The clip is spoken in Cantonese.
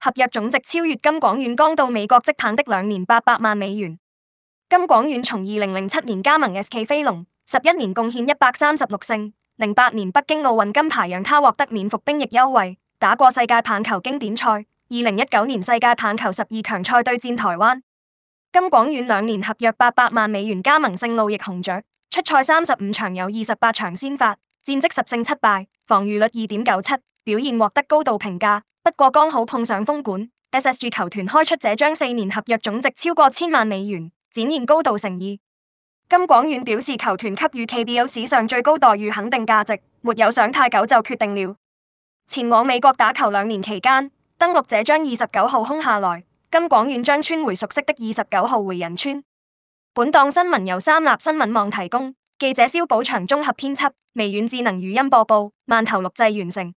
合約總值超越金廣鉉剛到美國職棒的兩年八百萬美元。金廣鉉從二零零七年加盟 S K 飛龍，十一年貢獻一百三十六勝。零八年北京奧運金牌讓他獲得免服兵役優惠，打過世界棒球經典賽。二零一九年世界棒球十二強賽對戰台灣，金廣鉉兩年合約八百萬美元加盟聖路易紅雀，出賽三十五場，有二十八場先發，戰績十勝七敗，防禦率二點九七，表現獲得高度評價。不過剛好碰上封館，SSG 球團開出這張四年合約，總值超過千萬美元，展現高度誠意。金廣鉉表示，球團給予 KBO 史上最高待遇，肯定價值。沒有想太久就決定了。前往美國打球兩年期間，登陸者將二十九號空下來，金廣鉉將穿回熟悉的二十九號回仁川。本檔新聞由三立新聞網提供，記者蕭寶祥綜合編輯，微軟智能語音播報，萬頭錄製完成。